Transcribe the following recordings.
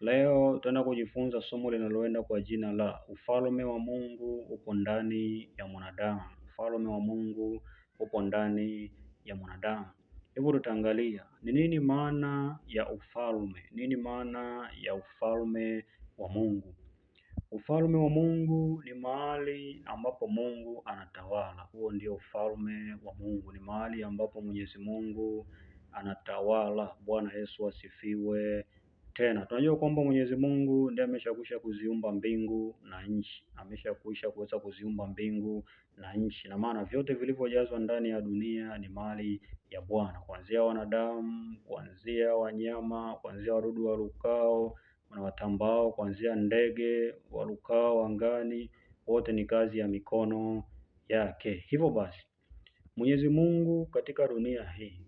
Leo tutaenda kujifunza somo linaloenda kwa jina la ufalme wa Mungu upo ndani ya mwanadamu. Ufalme wa Mungu upo ndani ya mwanadamu. Hebu tutaangalia ni nini maana ya ufalme, nini maana ya ufalme wa Mungu. Ufalme wa Mungu ni mahali ambapo Mungu anatawala. Huo ndio ufalme wa Mungu, ni mahali ambapo Mwenyezi Mungu anatawala. Bwana Yesu asifiwe tena tunajua kwamba Mwenyezi Mungu ndiye ameshakwisha kuziumba mbingu na nchi, ameshakwisha kuweza kuziumba mbingu na nchi, na maana vyote vilivyojazwa ndani ya dunia ni mali ya Bwana, kuanzia wanadamu, kuanzia wanyama, kuanzia wadudu warukao na watambao, kuanzia ndege warukao angani, wote ni kazi ya mikono yake. Hivyo basi Mwenyezi Mungu katika dunia hii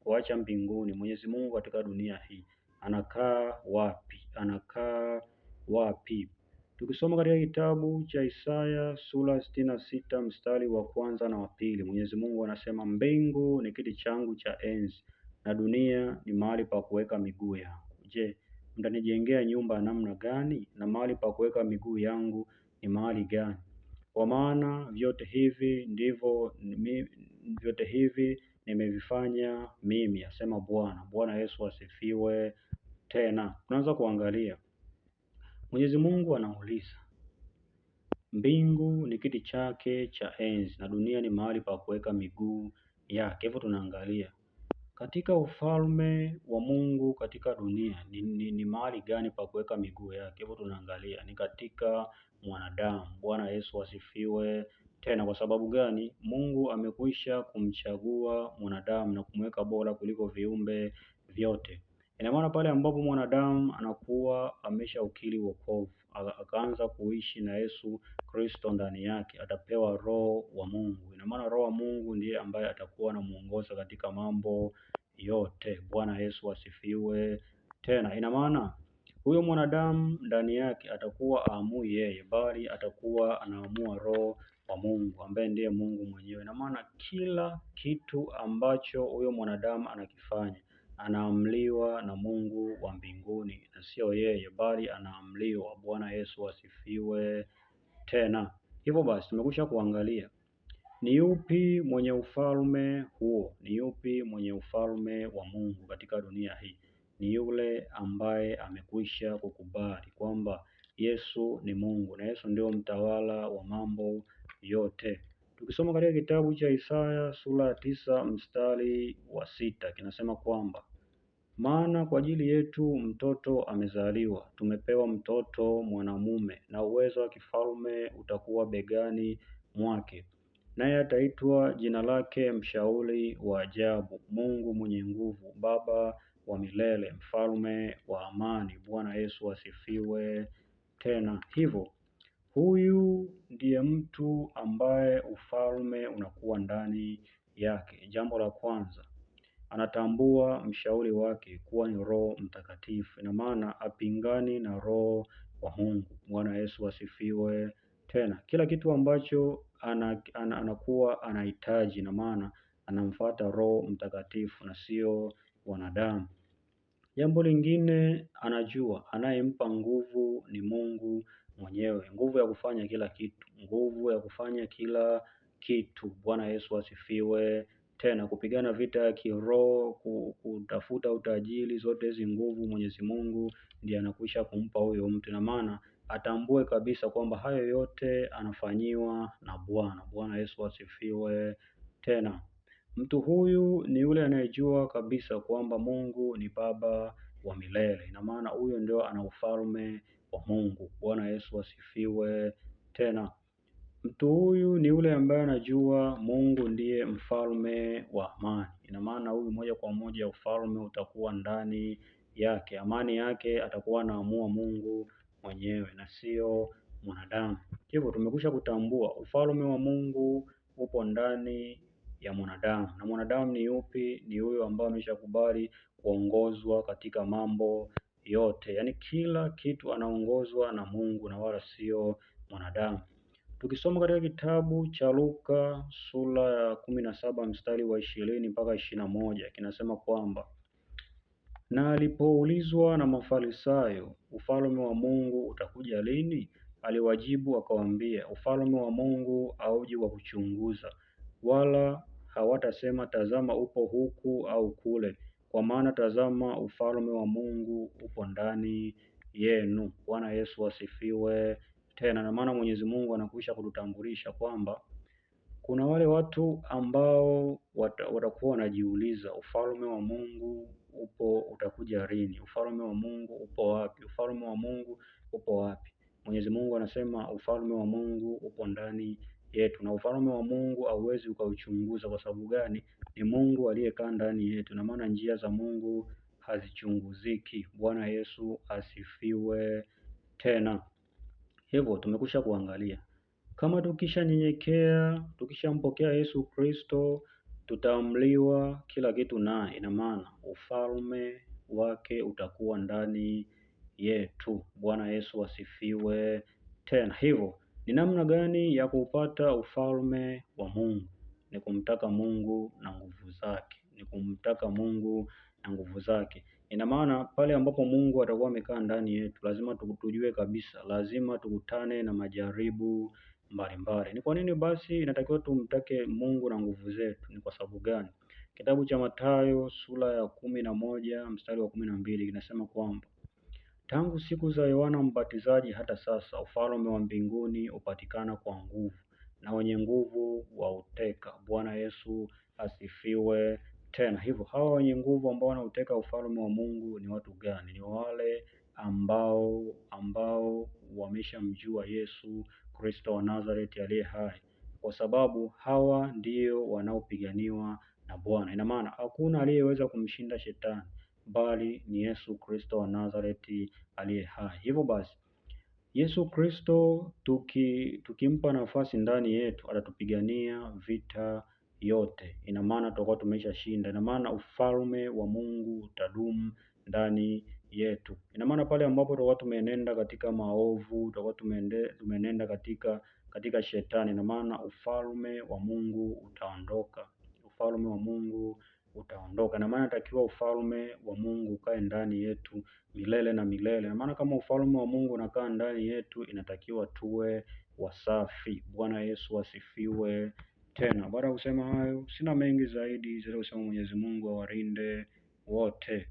kuacha mbinguni, Mwenyezi Mungu katika dunia hii anakaa wapi? Anakaa wapi? Tukisoma katika kitabu cha Isaya sura sitini na sita mstari wa kwanza na wa pili, Mwenyezi Mungu anasema, mbingu ni kiti changu cha enzi na dunia ni mahali pa kuweka miguu yangu. Je, mtanijengea nyumba ya namna gani? Na mahali pa kuweka miguu yangu ni mahali gani? Kwa maana vyote hivi ndivyo vyote hivi nimevifanya mimi, asema Bwana. Bwana Yesu asifiwe tena. Tunaanza kuangalia, Mwenyezi Mungu anauliza, mbingu ni kiti chake cha enzi na dunia ni mahali pa kuweka miguu yake. Hivyo tunaangalia katika ufalme wa Mungu katika dunia ni, ni, ni mahali gani pa kuweka miguu yake? Hivyo tunaangalia ni katika mwanadamu. Bwana Yesu asifiwe. Tena kwa sababu gani? Mungu amekwisha kumchagua mwanadamu na kumweka bora kuliko viumbe vyote. Ina maana pale ambapo mwanadamu anakuwa amesha ukili wokovu, akaanza kuishi na Yesu Kristo ndani yake, atapewa Roho wa Mungu. Ina maana Roho wa Mungu ndiye ambaye atakuwa anamuongoza katika mambo yote. Bwana Yesu asifiwe. Tena ina maana huyo mwanadamu ndani yake atakuwa aamui yeye, bali atakuwa anaamua Roho wa Mungu ambaye ndiye Mungu mwenyewe. Ina maana kila kitu ambacho huyo mwanadamu anakifanya anaamliwa na Mungu wa mbinguni na sio yeye, bali anaamliwa. Bwana Yesu asifiwe tena. Hivyo basi tumekwisha kuangalia ni yupi mwenye ufalme huo, ni yupi mwenye ufalme wa Mungu katika dunia hii? Ni yule ambaye amekwisha kukubali kwamba Yesu ni Mungu na Yesu ndio mtawala wa mambo yote. Tukisoma katika kitabu cha Isaya sura ya tisa mstari wa sita kinasema kwamba maana kwa ajili yetu mtoto amezaliwa, tumepewa mtoto mwanamume, na uwezo wa kifalme utakuwa begani mwake, naye ataitwa jina lake Mshauri wa Ajabu, Mungu Mwenye Nguvu, Baba wa Milele, Mfalme wa Amani. Bwana Yesu asifiwe tena hivyo Huyu ndiye mtu ambaye ufalme unakuwa ndani yake. Jambo la kwanza, anatambua mshauri wake kuwa ni Roho Mtakatifu. Ina maana apingani na Roho wa Mungu. Bwana Yesu asifiwe. Tena kila kitu ambacho anakuwa anahitaji, ina maana anamfuata Roho Mtakatifu na sio wanadamu. Jambo lingine anajua anayempa nguvu ni Mungu mwenyewe, nguvu ya kufanya kila kitu, nguvu ya kufanya kila kitu. Bwana Yesu asifiwe. Tena kupigana vita ya kiroho, kutafuta utajiri, zote hizi nguvu Mwenyezi Mungu ndiye anakwisha kumpa huyo mtu, na maana atambue kabisa kwamba hayo yote anafanyiwa na Bwana. Bwana Yesu asifiwe. Tena mtu huyu ni yule anayejua kabisa kwamba Mungu ni Baba wa milele, na maana huyo ndio ana ufalme kwa Mungu. Bwana Yesu asifiwe tena. Mtu huyu ni yule ambaye anajua Mungu ndiye mfalme wa amani. Ina maana huyu moja kwa moja ufalme utakuwa ndani yake, amani yake atakuwa anaamua Mungu mwenyewe na sio mwanadamu. Hivyo tumekwisha kutambua ufalme wa Mungu upo ndani ya mwanadamu, na mwanadamu ni yupi? Ni huyo ambaye ameshakubali kuongozwa katika mambo yote, yaani kila kitu anaongozwa na Mungu na wala sio mwanadamu. Tukisoma katika kitabu cha Luka sura ya kumi na saba mstari wa ishirini mpaka ishirini na moja kinasema kwamba na alipoulizwa na Mafarisayo, ufalme wa Mungu utakuja lini? Aliwajibu akawaambia, ufalme wa Mungu auji wa kuchunguza, wala hawatasema tazama, upo huku au kule, kwa maana tazama ufalme wa Mungu upo ndani yenu. Bwana Yesu asifiwe. Tena na maana Mwenyezi Mungu anakwisha kututambulisha kwamba kuna wale watu ambao watakuwa wanajiuliza ufalme wa Mungu upo utakuja lini? Ufalme wa Mungu upo wapi? Ufalme wa Mungu upo wapi? Mwenyezi Mungu anasema ufalme wa Mungu upo ndani yetu, na ufalme wa Mungu hauwezi ukauchunguza. Kwa sababu gani? Ni Mungu aliyekaa ndani yetu, na maana njia za Mungu hazichunguziki. Bwana Yesu asifiwe. Tena hivyo tumekusha kuangalia kama tukishanyenyekea, tukishampokea Yesu Kristo, tutaamliwa kila kitu, na ina maana ufalme wake utakuwa ndani yetu. Bwana Yesu asifiwe. Tena hivyo ni namna gani ya kupata ufalme wa Mungu? Ni kumtaka Mungu na nguvu zake, ni kumtaka Mungu na nguvu zake. Ina maana pale ambapo Mungu atakuwa amekaa ndani yetu, lazima tujue kabisa, lazima tukutane na majaribu mbalimbali. Ni kwa nini basi inatakiwa tumtake Mungu na nguvu zetu? Ni kwa sababu gani? Kitabu cha Mathayo sura ya kumi na moja mstari wa kumi na mbili kinasema kwamba Tangu siku za Yohana Mbatizaji hata sasa, ufalme wa mbinguni hupatikana kwa nguvu, na wenye nguvu wauteka. Bwana Yesu asifiwe. Tena hivyo, hawa wenye nguvu ambao wanauteka ufalme wa Mungu ni watu gani? Ni wale ambao ambao wameshamjua Yesu Kristo wa Nazareti aliye hai, kwa sababu hawa ndio wanaopiganiwa na Bwana. Ina maana hakuna aliyeweza kumshinda shetani bali ni Yesu Kristo wa Nazareti aliye hai. Hivyo basi Yesu Kristo tuki, tukimpa nafasi ndani yetu atatupigania vita yote. Ina maana tutakuwa tumeshashinda. Ina maana ufalme wa Mungu utadumu ndani yetu. Ina maana pale ambapo tutakuwa tumeenenda katika maovu, tutakuwa tumeenenda katika katika shetani, ina maana ufalme wa Mungu utaondoka. Ufalme wa Mungu utaondoka. Na maana inatakiwa ufalme wa Mungu ukae ndani yetu milele na milele. Na maana kama ufalme wa Mungu unakaa ndani yetu, inatakiwa tuwe wasafi. Bwana Yesu asifiwe. Tena baada ya kusema hayo, sina mengi zaidi, zaidi ya kusema Mwenyezi Mungu awarinde wote.